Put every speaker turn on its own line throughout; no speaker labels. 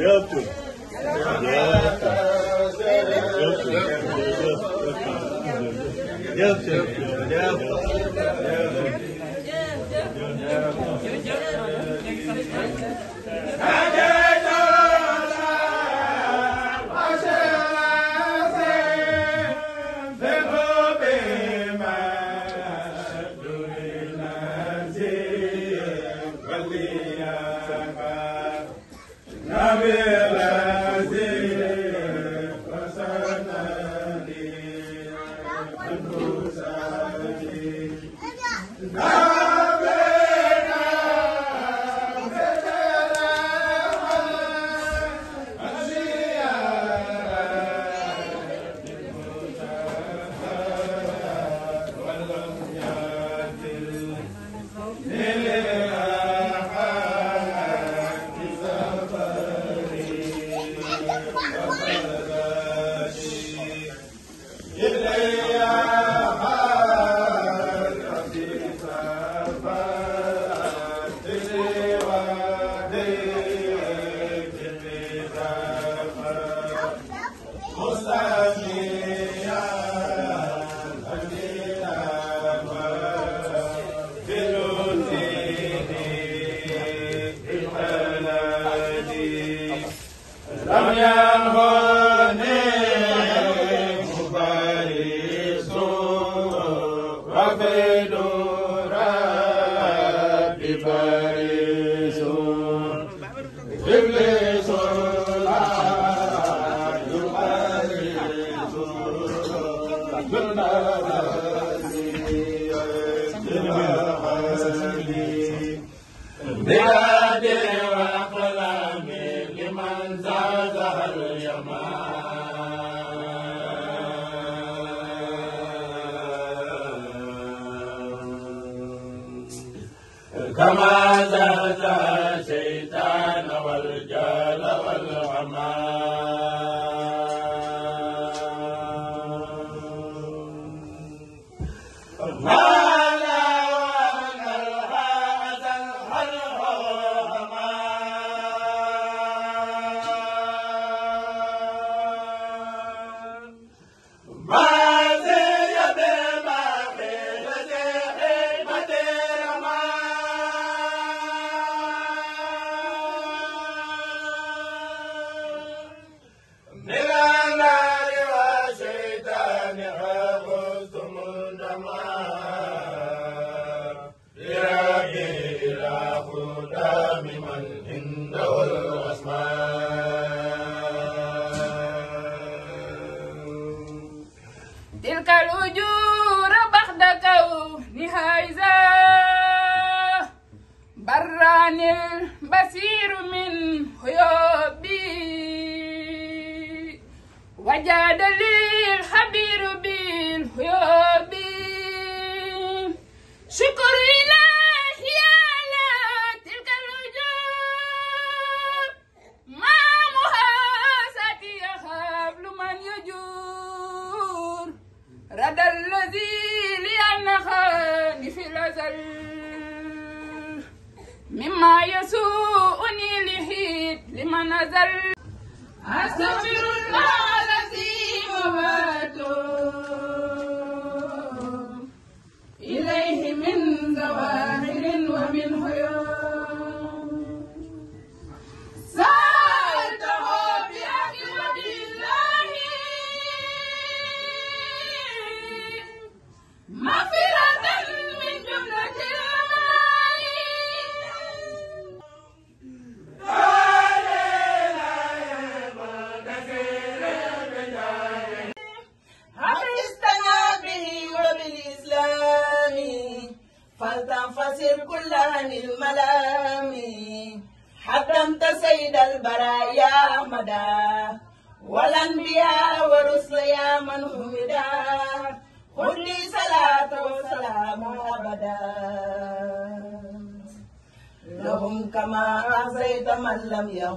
Jatuh. Jatuh. Jatuh. Jatuh. Jatuh. Jatuh.
Jatuh.
And Yaman, Zaza, Yaman.
تلك الأجور بعد كونها إذا بران البصير من خيوبي وجاد لي الخبير بالخيوب نزل
أسمع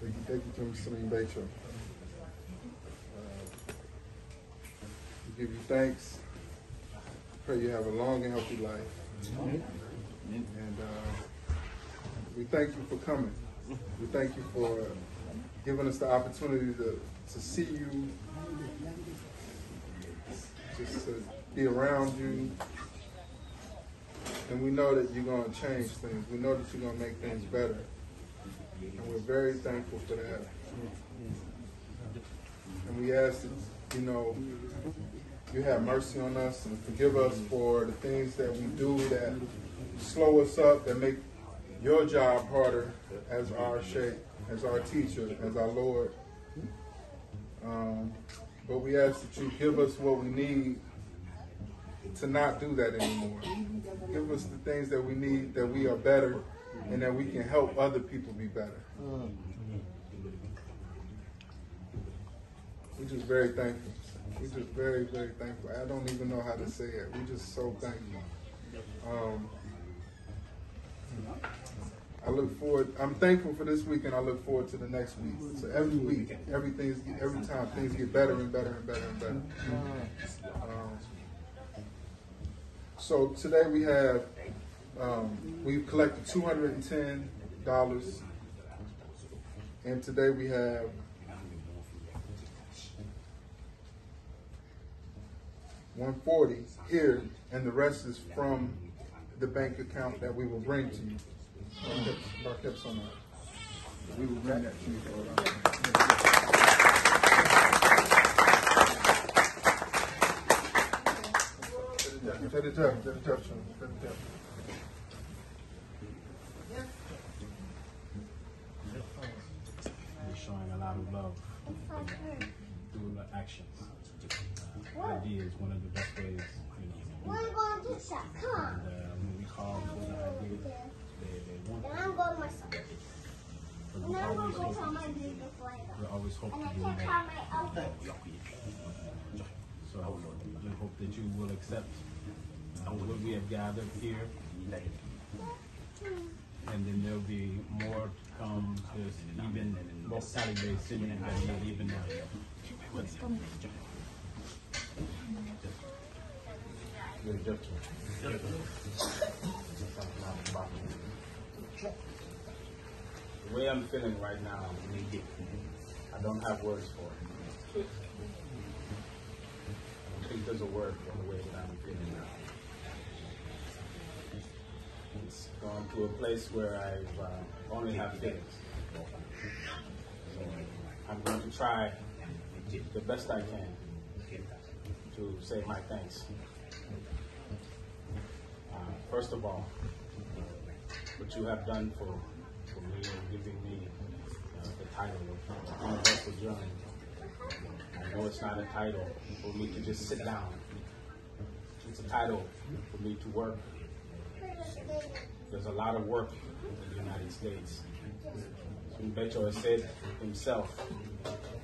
Thank you, thank you to Mr. Bacho. Uh, we give you thanks. Pray you have a long and healthy life. And uh, we thank you for coming. We thank you for giving us the opportunity to, to see you, just to be around you. And we know that you're going to change things. We know that you're going to make things better. And we're very thankful for that. And we ask that, you know, you have mercy on us and forgive us for the things that we do that slow us up, that make your job harder as our shape, as our teacher, as our Lord. Um, but we ask that you give us what we need to not do that anymore. Give us the things that we need, that we are better and that we can help other people be better. We're just very thankful. We're just very, very thankful. I don't even know how to say it. We're just so thankful. Um, I look forward. I'm thankful for this week, and I look forward to the next week. So every week, everything's every time things get better and better and better and better. Mm-hmm. Um, so today we have um, we've collected $210, and today we have one forty here, and the rest is from the bank account that we will bring to you. Barkeps on that. We will bring that to you. the the the
through love, through the actions. Uh, idea is one of the best ways. You
know, to do that. And, uh,
when we call for the idea,
they, they want. And I'm going myself.
And I'm going to my
dude before I go. We always hope and to do oh,
So I just hope that you will accept uh, what we have gathered here. Mm -hmm and then there'll be more to come. There's even more Saturday singing and that you even The way I'm feeling right now, I don't have words for it. I don't think there's a word for the way that I'm feeling now it gone to a place where I uh, only have feelings. So I'm going to try the best I can to say my thanks. Uh, first of all, what you have done for, for me and giving me uh, the title of Universal Journey. I know it's not a title for me to just sit down. It's a title for me to work there's a lot of work in the United States. Beto has said himself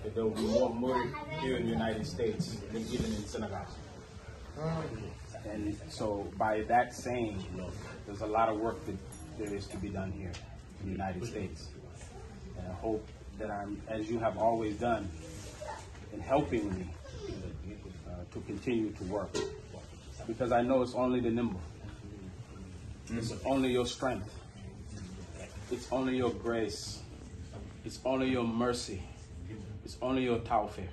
that there will be more money here in the United States than even in Senegal. And so by that saying, there's a lot of work that there is to be done here in the United States. And I hope that I'm, as you have always done, in helping me uh, to continue to work. Because I know it's only the nimble it's only your strength. It's only your grace. It's only your mercy. It's only your tawfiq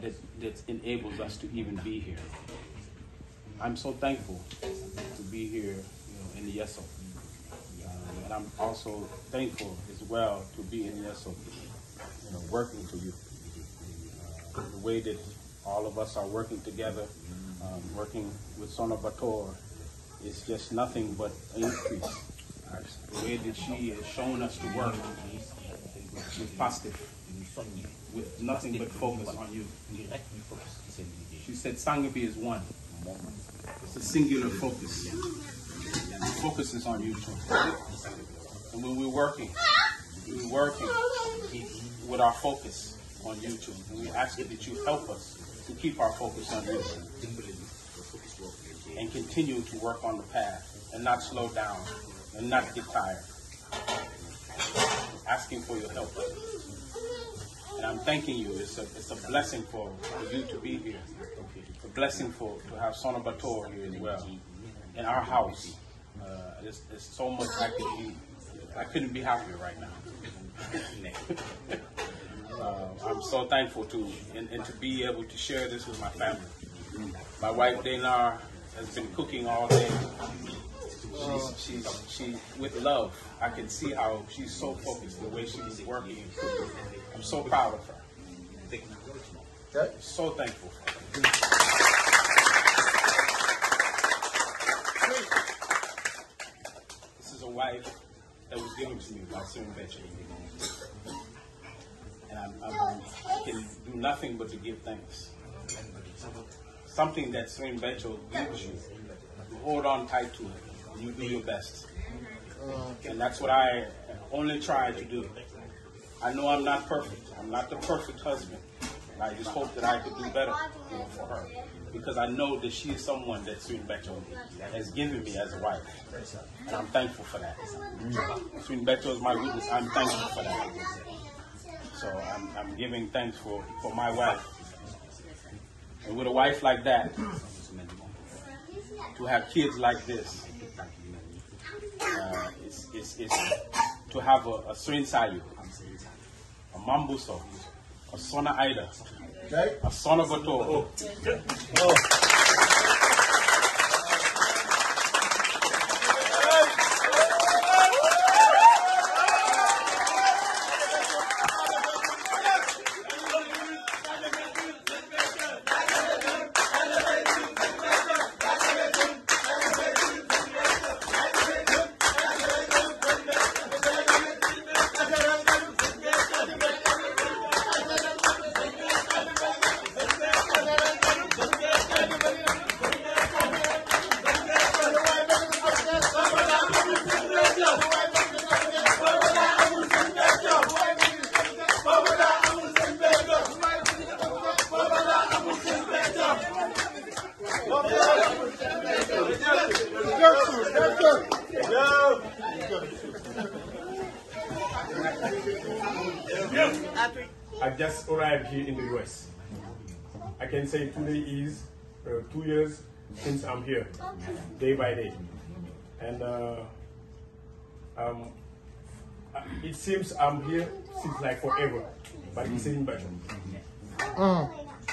that, that enables us to even be here. I'm so thankful to be here you know, in the Yesso, Uh, and I'm also thankful as well to be in Yeso, you know, working for you. Uh, the way that all of us are working together, um, working with Sona Bator, it's just nothing but increase. The way that she has shown us to work is positive, with nothing but focus on you. She said Sangabi is one. It's a singular focus. The focus is on you. And when we're working, we're working with our focus on YouTube. And we ask that you help us to keep our focus on YouTube and continue to work on the path and not slow down and not get tired. I'm asking for your help. And I'm thanking you. It's a, it's a blessing for, for you to be here. It's a blessing for to have Sona Bator here as well in our house. Uh, it's, it's so much I could be. I couldn't be happier right now. Uh, I'm so thankful to and, and, to be able to share this with my family. My wife Dana has been cooking all day. She's, oh, she's, she, with love, I can see how she's so focused, the way she's working and cooking. I'm so proud of her. so thankful for her. This is a wife that was given to me by Simon Betcher. And I, I can do nothing but to give thanks something that in Beto gives you, hold on tight to it. and You do your best. And that's what I only try to do. I know I'm not perfect. I'm not the perfect husband. And I just hope that I could do better for her. Because I know that she is someone that Sweden Beto has given me as a wife. And I'm thankful for that. Mm. Beto is my witness. I'm thankful for that. So I'm, I'm giving thanks for, for my wife. And with a wife like that, to have kids like this, uh, it's, it's, it's to have a, a Srinsayu, a Mambuso, a Sona Ida, a Sonogoto. Oh. just arrived here in the US. I can say today is uh, two years since I'm here, day by day. And uh, um, uh, it seems I'm here since like forever, but it's in better.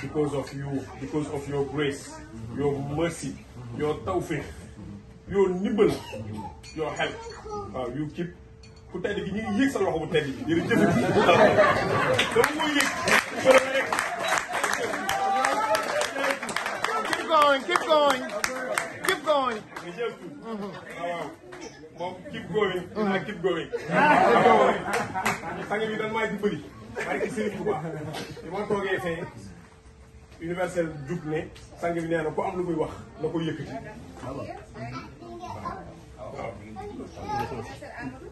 Because of you, because of your grace, your mercy, your tawfiq, your nibble, your help, uh, you keep ku tedd bi ñu ngi yéeg sa loxo bu tedd bi jërëjëf dama
koy yéeg
keep going keep going keep going waaw moom keep going mm-hmm. naa keep going
sangi bi dan maay dimbali barki Serigne Touba li ma toogee fee universel jug ne sang bi nee na ku am lu muy wax na ko yëkkati
waaw
waaw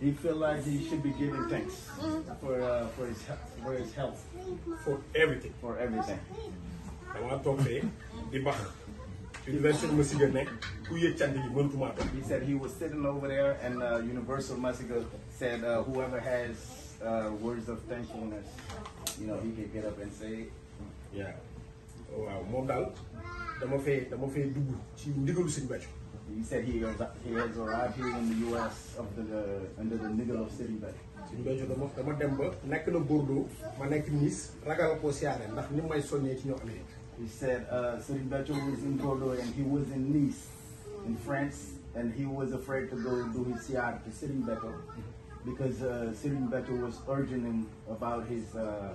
he feel like he should be giving thanks. for uh, for his for his health. for everything. for everything. I want to di bax Universal Massiga ne ku yëg he said he was sitting over there and uh, Universal Massiga said uh, whoever has uh, words of thankfulness you know he can get up and say it. yeah he said he was he arrived here in the US of the under the niggle of Serigne Béthio. he said uh, Serigne was in Bordeaux and he was in Nice in France and he was afraid to go do his siyaare to Serigne because uh, Serigne was urging him about his. Uh,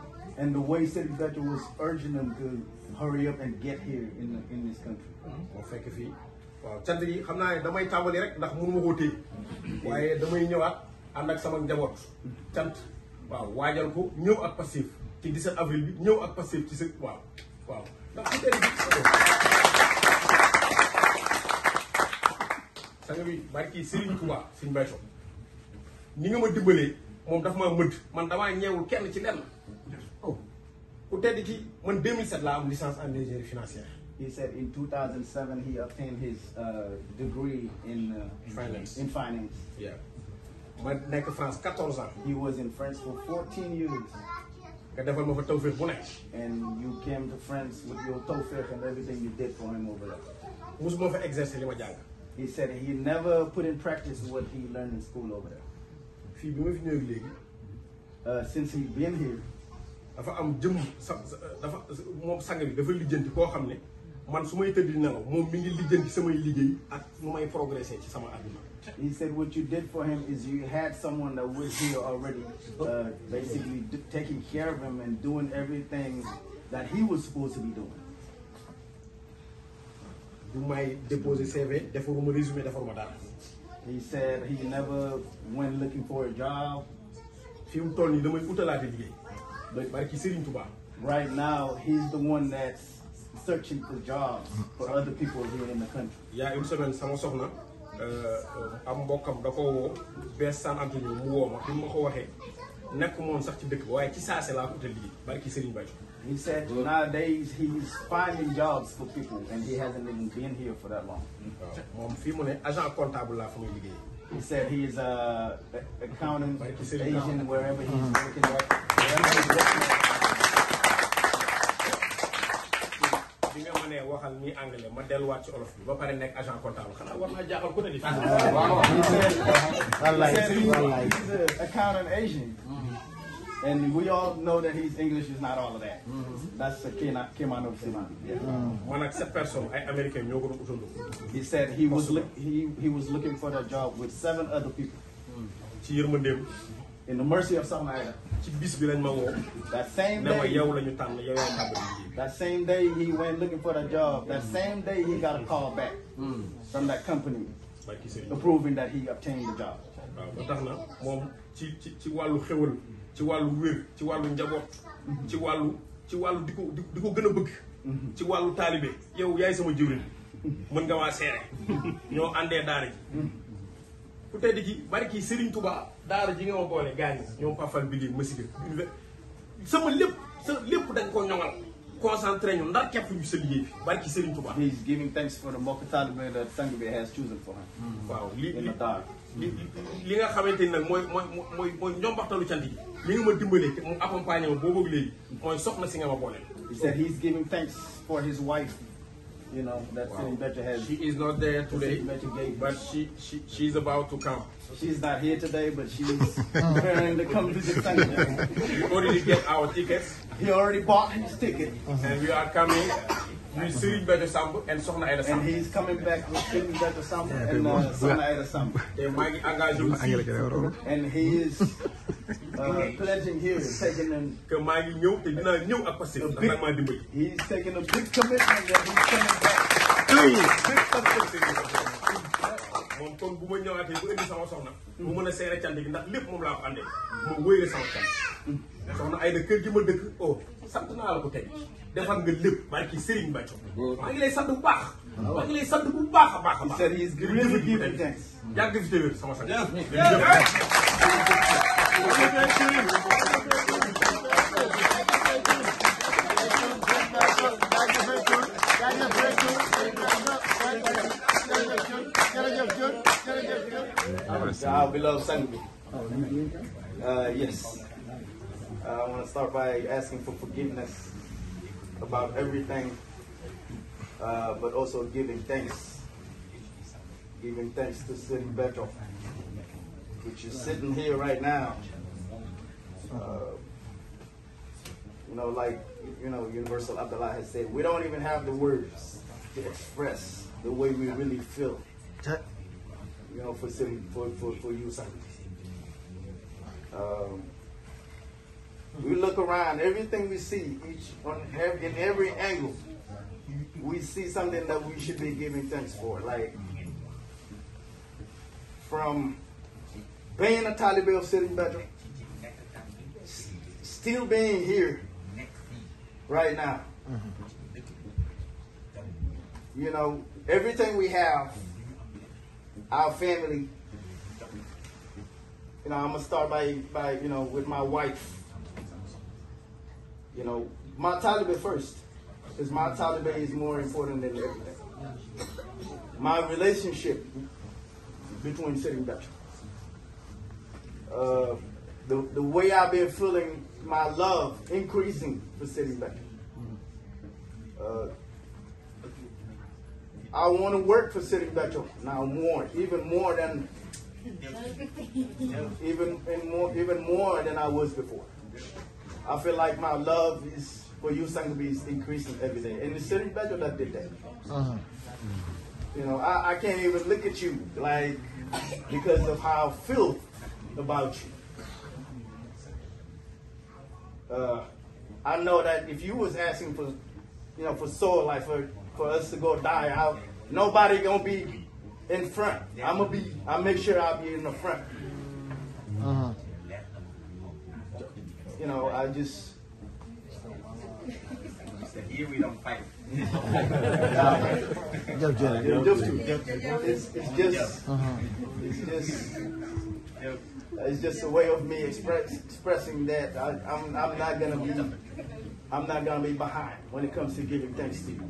And the way Cedric Batcher fekk fii waaw cant yi xam naa ne damay tàmbali rek ndax mënu ma koo téye waaye damay ñëwaat ànd ak sama njaboot cant waaw waajal ko ñëw ak passif ci 17 avril bi ñëw ak passif ci sa waaw waaw ndax su teel sang bi barki Serigne Touba Serigne Béthio ni nga ma dimbalee moom dafa maa mëdd man damaa ñeewul kenn ci lenn Oh. When 2007 la am licence en ingénierie financière. He said in 2007 he obtained his uh, degree in uh, finance. In finance. Yeah. But nek France 14 ans. He was in France for 14 years. And you came to France with your tawfiq and everything you did for him over there. He said he never put in practice what he learned in school over there. Fi ñëw uh, since he has been here dafa am jëm dafa bi dafa man mi ngi samay ak ci sama He said what you did for him is you had someone that was here already uh, basically taking care of him and doing everything that he was supposed to be doing. du may déposer CV defaruma résumé defaruma dara. He said he never went looking for a job. fi mu toll damay utalaate liggéey barki Serigne Touba. Right now, he's the one that's searching for jobs for other people here in the country. Il y a une semaine, sama soxna euh, am mbokam da ko woo bees San Antonio mu woo ma bi ma I'm nekk moom sax ci dëkk ba waaye ci saase laa ko te liggéey barki Serigne Baye. He said nowadays he's finding jobs for people and he hasn't even been here for that long. moom fii mu ne agent comptable laa fa muy liggéeyee. He said he is uh, a accountant, Asian, wherever he's working. Mm-hmm. He's nga ah, a Asian. Mm-hmm. And we all know that his English is not all of that. Mm-hmm. That's a Kena, Kemano Simon. He said he was, he, he was looking for that job with seven other people. Mm-hmm in the mercy of somebody, Aida. ci bis bi lañ that same day that same day he went looking for the job. that same day he got a call back. Hmm. from that company. approving that he obtained the job. waaw ba tax na moom ci ci ci wàllu xéwal ci wàllu wér ci wàllu njaboot. ci wàllu ci wàllu di ko di ko gën a bëgg. Mhm. ci wàllu taalibe yow yaay sama jiwlin mën nga waa seere ñoo àndee daara ji. Mhm. ku tedd ji bari kii Serigne Touba daara ji nga ma boole gars yi ñoom Pafal bi léegi Massiga sama lépp sa lépp dañ koo ñoŋal concentré ñu ndar képp ñu sa liggéey bi barki Serigne Touba. he is giving thanks for the mbokk taalibe that sang bi has chosen for him. Mm. waaw li li li nga xamante ni nag mooy mooy mooy mooy njombaxtalu cant gi. li nga ma dimbalee te mu accompagné ma léegi mooy soxna si nga ma boole. he said he is giving thanks for his wife you know, that wow. Sitting Betcha has. She is not there today, but she, she she's about to come. She's not here today, but she's preparing to come to the center. we already get our tickets. He already bought his ticket. Uh -huh. And we are coming with Serigne Beda and And he's coming back with Serigne Beda and uh, Sokhna Aida and he is uh, pledging here, taking an, a big, he's taking a big commitment that he's coming back. Big commitment. moom kon bu ma ñëwaatee bu indi sama soxna. mu mën a seere cant gi ndax lépp moom laa ko àndee. ma wóyee sama cant. soxna ay da kër gi dëkk oh sant naa ko tey defar nga lépp maa ngi lay sant bu baax. maa ngi lay sant bu baax a a ngi yàgg sama sant. Thank Our beloved Sangbi. yes. Uh, I want to start by asking for forgiveness about everything, uh, but also giving thanks. Giving thanks to Sin Beto, which is sitting here right now. Uh, you know, like, you know, Universal Abdullah has said, we don't even have the words to express the way we really feel you know, some, for, for, for you, service. Um, we look around, everything we see, each on every, in every angle, we see something that we should be giving thanks for. Like from being a Taliban sitting veteran, still being here right now. Mm -hmm. You know, everything we have our family. You know, I'm gonna start by by you know with my wife. You know, my Taliban first, because my Taliban is more important than everything. My relationship between sitting back. Uh, the, the way I've been feeling my love increasing for City back. Uh, I want to work for City Metro now more, even more than even more even more than I was before. I feel like my love is for you Sangabe is increasing every day. And the City Metro that did that. Uh-huh. You know, I, I can't even look at you like because of how I feel about you. Uh, I know that if you was asking for you know for soul like for for us to go die out. Nobody gonna be in front. I'm gonna be. I make sure I'll be in the front. Uh huh. You know, I just. Here we don't fight. It's, just, it's just, it's just a way of me express, expressing that I, I'm, I'm not gonna be, I'm not gonna be behind when it comes to giving thanks to you.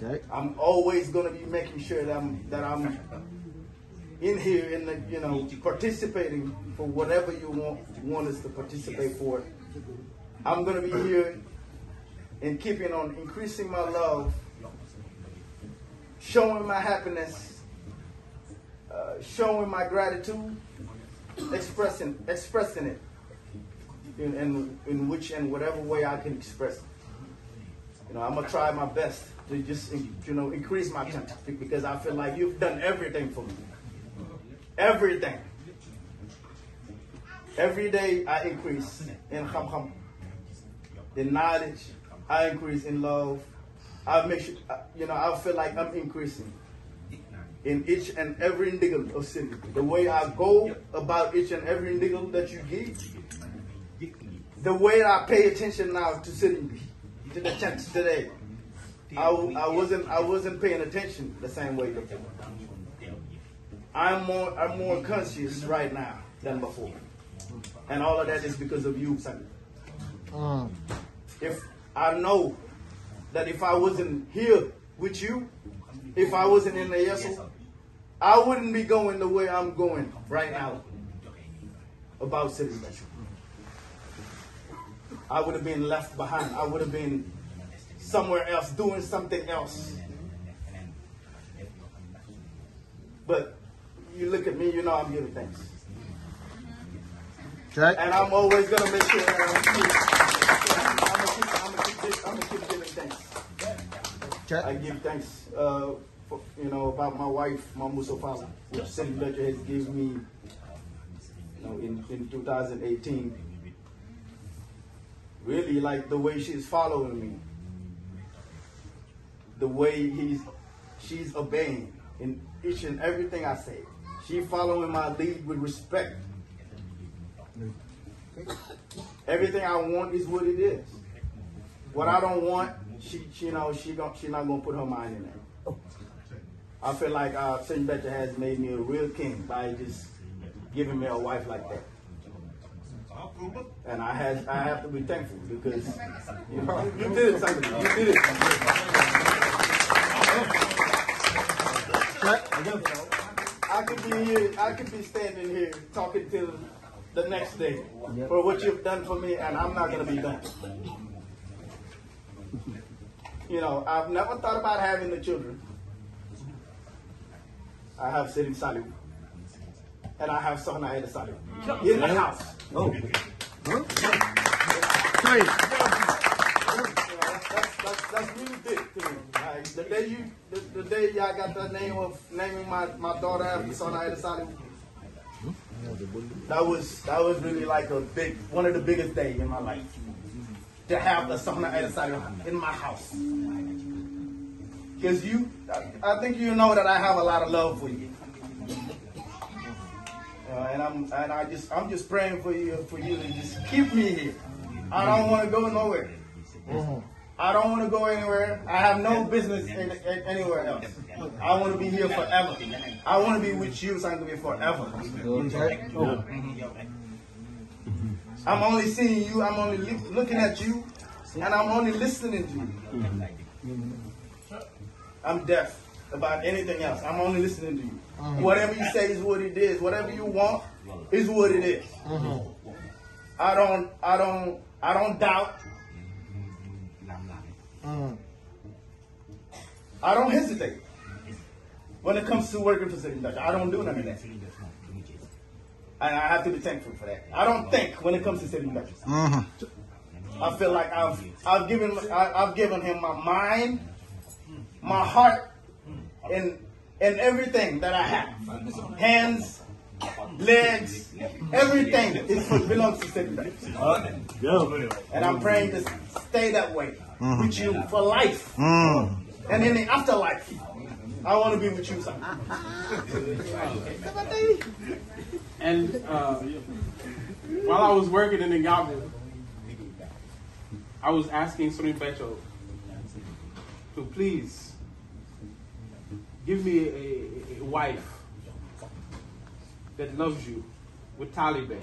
Okay. I'm always gonna be making sure that I'm that I'm in here and you know participating for whatever you want want us to participate for. I'm gonna be here and keeping on increasing my love, showing my happiness, uh, showing my gratitude, expressing expressing it in, in in which and whatever way I can express it you know, I'm gonna try my best to just, you know, increase my time because I feel like you've done everything for me. Everything. Every day I increase in kham The knowledge. I increase in love. I make sure, uh, you know, I feel like I'm increasing in each and every niggle of sin. The way I go about each and every niggle that you give. The way I pay attention now to sin the church today. I, I wasn't I wasn't paying attention the same way before. I'm more I'm more conscious right now than before, and all of that is because of you, son. If I know that if I wasn't here with you, if I wasn't in the Yeso, I wouldn't be going the way I'm going right now about city measure. I would have been left behind. I would have been somewhere else doing something else. But you look at me, you know I'm giving thanks. Okay. And I'm always going to make sure that I'm going to keep, I'm gonna keep, I'm gonna keep giving thanks. Okay. I give thanks, uh, for, you know, about my wife, Mamu Sofala, which City Ledger has given me, you know, in, in 2018 really like the way she's following me, the way he's she's obeying in each and everything I say. She following my lead with respect. Everything I want is what it is. What I don't want, she, she you know, she don't, she not gonna put her mind in it. I feel like uh, Saint has made me a real king by just giving me a wife like that. And I had I have to be thankful because you, know, you did You did it. I could be here, I could be standing here talking to the next day for what you've done for me and I'm not gonna be done. You know, I've never thought about having the children. I have sitting silent and I have something I had to sign in the house. Oh. Huh? Great. That's, that's, really big to me. Like, the day you, the, the day y'all got the name of naming my, my daughter after Sana El Salih, that was that was really like a big one of the biggest day in my life to have the Sana El Salih in my house. Cause you, I, I think you know that I have a lot of love for you and I'm and I just I'm just praying for you for you to just keep me here. I don't want to go nowhere. Mm-hmm. I don't want to go anywhere. I have no business in, in, anywhere else. I want to be here forever. I want to be with you, Sangabe, forever. Okay. Oh. I'm only seeing you. I'm only li- looking at you, and I'm only listening
to you.
I'm deaf about anything else. I'm only listening to you. Mm -hmm. Whatever you say is what it is. Whatever you want is what it is. Mm -hmm. I don't, I don't, I don't doubt. Mm. I don't hesitate when it comes to working for City Industrial. I don't do nothing else. And I have to be thankful for that. I don't think when it comes to City Industrial. -hmm. I feel like I've, I've given, I've given him my mind, my heart, in in everything that I have. Hands, legs, everything is belongs to Stephen. And I'm praying to stay that way mm. with you for life. Mm. And in the afterlife, I want to be with you, son. and uh, while I was working in the government, I was asking Sonny Becho to please Give me a, a, a wife that loves you with Taliban.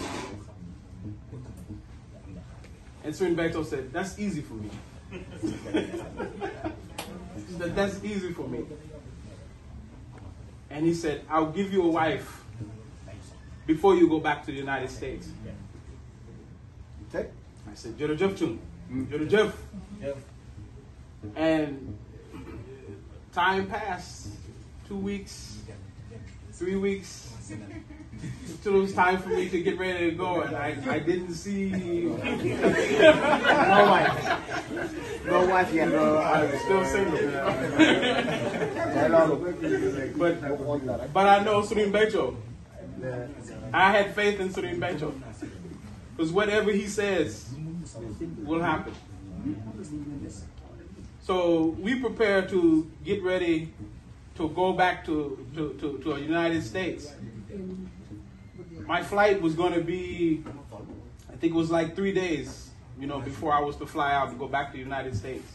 And Swin Beto said, That's easy for me. that, that's easy for me. And he said, I'll give you a wife before you go back to the United States. Okay? I said, Jerojev Chung. Mm, Jerojev. And time passed two weeks, three weeks until it was time for me to get ready to go, and I, I didn't see no wife. No wife yet. No, I'm still single. but, but I know Surin Becho. I had faith in Surin Becho. Because whatever he says will happen. So we prepare to get ready to go back to, to, to, to the United States. My flight was going to be, I think it was like three days, you know, before I was to fly out to go back to the United States.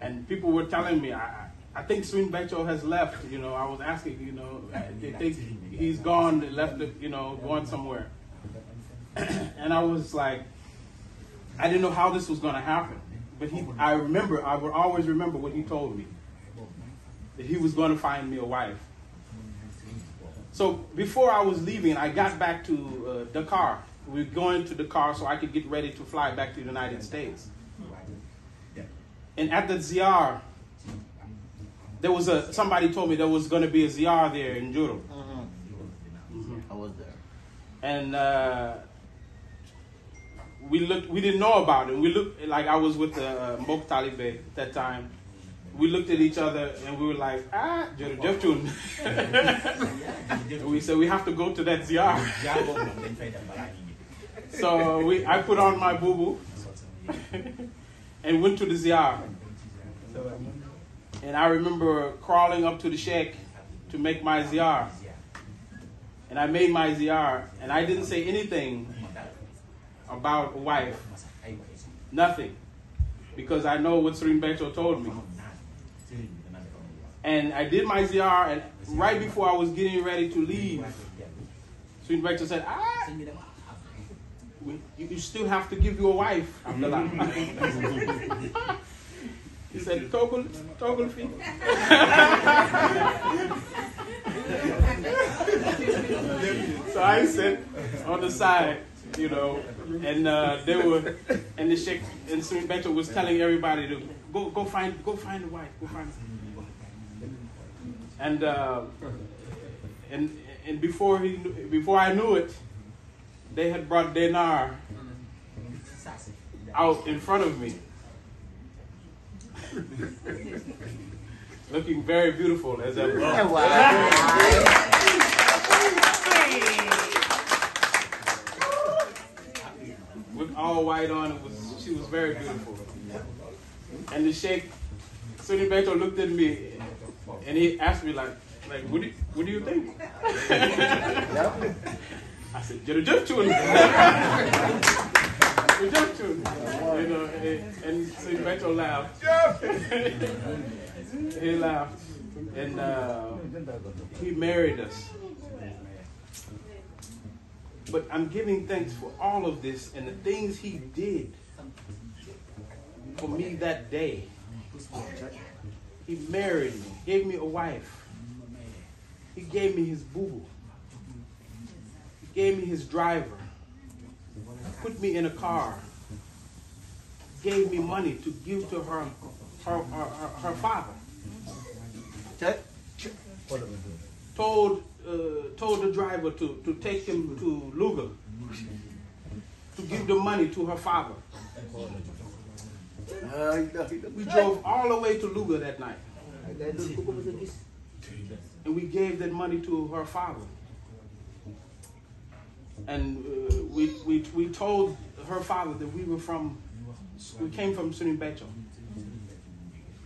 And people were telling me, I, I think Swin Becho has left, you know, I was asking, you know, they think he's gone, left, the, you know, going somewhere. and I was like, I didn't know how this was going to happen. But he, I remember, I would always remember what he told me that he was going to find me a wife. So before I was leaving, I got back to uh, Dakar. We are going to Dakar so I could get ready to fly back to the United States. And at the ZR, there was a somebody told me there was going to be a ZR there in Juro. Mm-hmm. I was there, and uh, we looked. We didn't know about it. We looked like I was with the uh, Mbok Talibe at that time, we looked at each other and we were like, ah, Jero Jeftun. we said, we have to go to that ZR.
so
we, I put on my boo boo and went to the ZR. And I remember crawling up to the shack to make my ZR. And I made my ZR and I didn't say anything about a wife. Nothing. Because I know what Sri Beto told me and I did my ZR, and right before I was getting ready to leave, student director said, ah, you, you, still have to give your wife after that. he said, toggle, toggle feet." so I said, on the side, you know, and uh, they were, and the sheikh, and student director was telling everybody to go, go find, go find the wife, go find and uh, and and before he before I knew it, they had brought Denar out in front of me, looking very beautiful as I walked. With all white on, it was she was very beautiful. And the sheikh, Sunni Beto looked at me and he asked me like, like, what do you, what do you think? I said, you're just tune. you're just tune. You know, and, and so Beto laughed. he laughed, and uh, he married us. But I'm giving thanks for all of this and the things he did for me that day. He married me, gave me a wife. He gave me his boo. He gave me his driver. Put me in a car. Gave me money to give to her her, her, her, her father. Told uh, told the driver to, to take him to Luga to give the money to her father. We drove all the way to Luga that night. And we gave that money to her father. And uh, we, we, we told her father that we were from, we came from Surin Becho.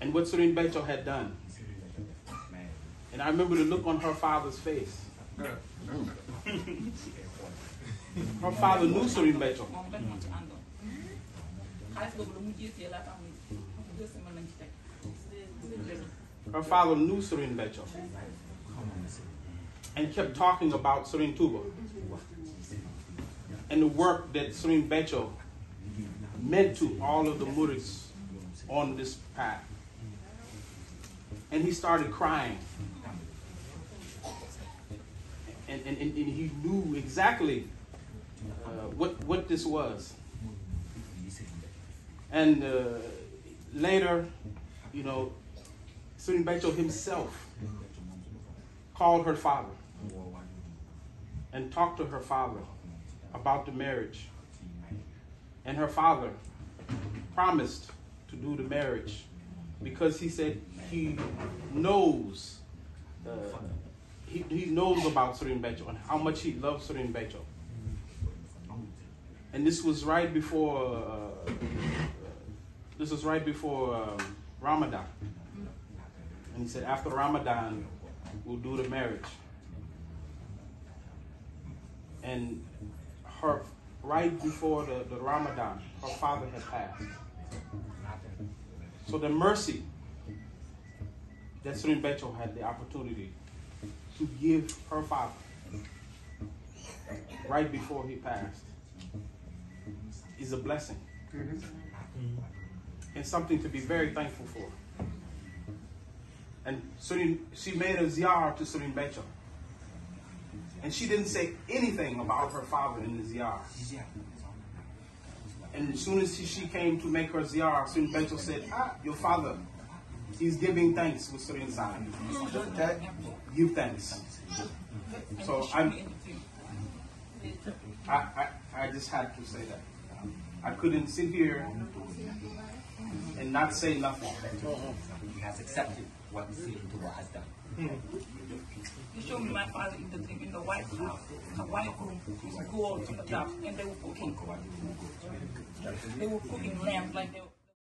And what Surin Becho had done. And I remember the look on her father's face. Her father knew Surin Becho. Mm. Her father knew Serene Becho and kept talking about Serene Tuba and the work that Serene Becho meant to all of the Murids on this path. And he started crying. And, and, and, he knew exactly uh, what, what this was. And uh, later, you know, Sunni himself called her father and talked to her father about the marriage. And her father promised to do the marriage because he said he knows uh, he, he knows about Surin Becho and how much he loves Surin Becho. And this was right before uh, this is right before um, Ramadan. And he said, after Ramadan, we'll do the marriage. And her, right before the, the Ramadan, her father had passed. So the mercy that Serene Becho had the opportunity to give her father right before he passed is a blessing. Mm -hmm and something to be very thankful for. And Surin, she made a ziyar to Surin Becha. And she didn't say anything about her father in the ziyar. And as soon as she came to make her ziyar, Surin Becha said, ah, your father, he's giving thanks with Surin Sa'ad. Give thanks. So I'm, I, I, I just had to say that. I couldn't sit here and not say nothing. You uh-huh. have accepted what the Silva has done. He showed me my father in the in the White House, the White Room, with gold on the top, and they were cooking. They were cooking lamb like
they were.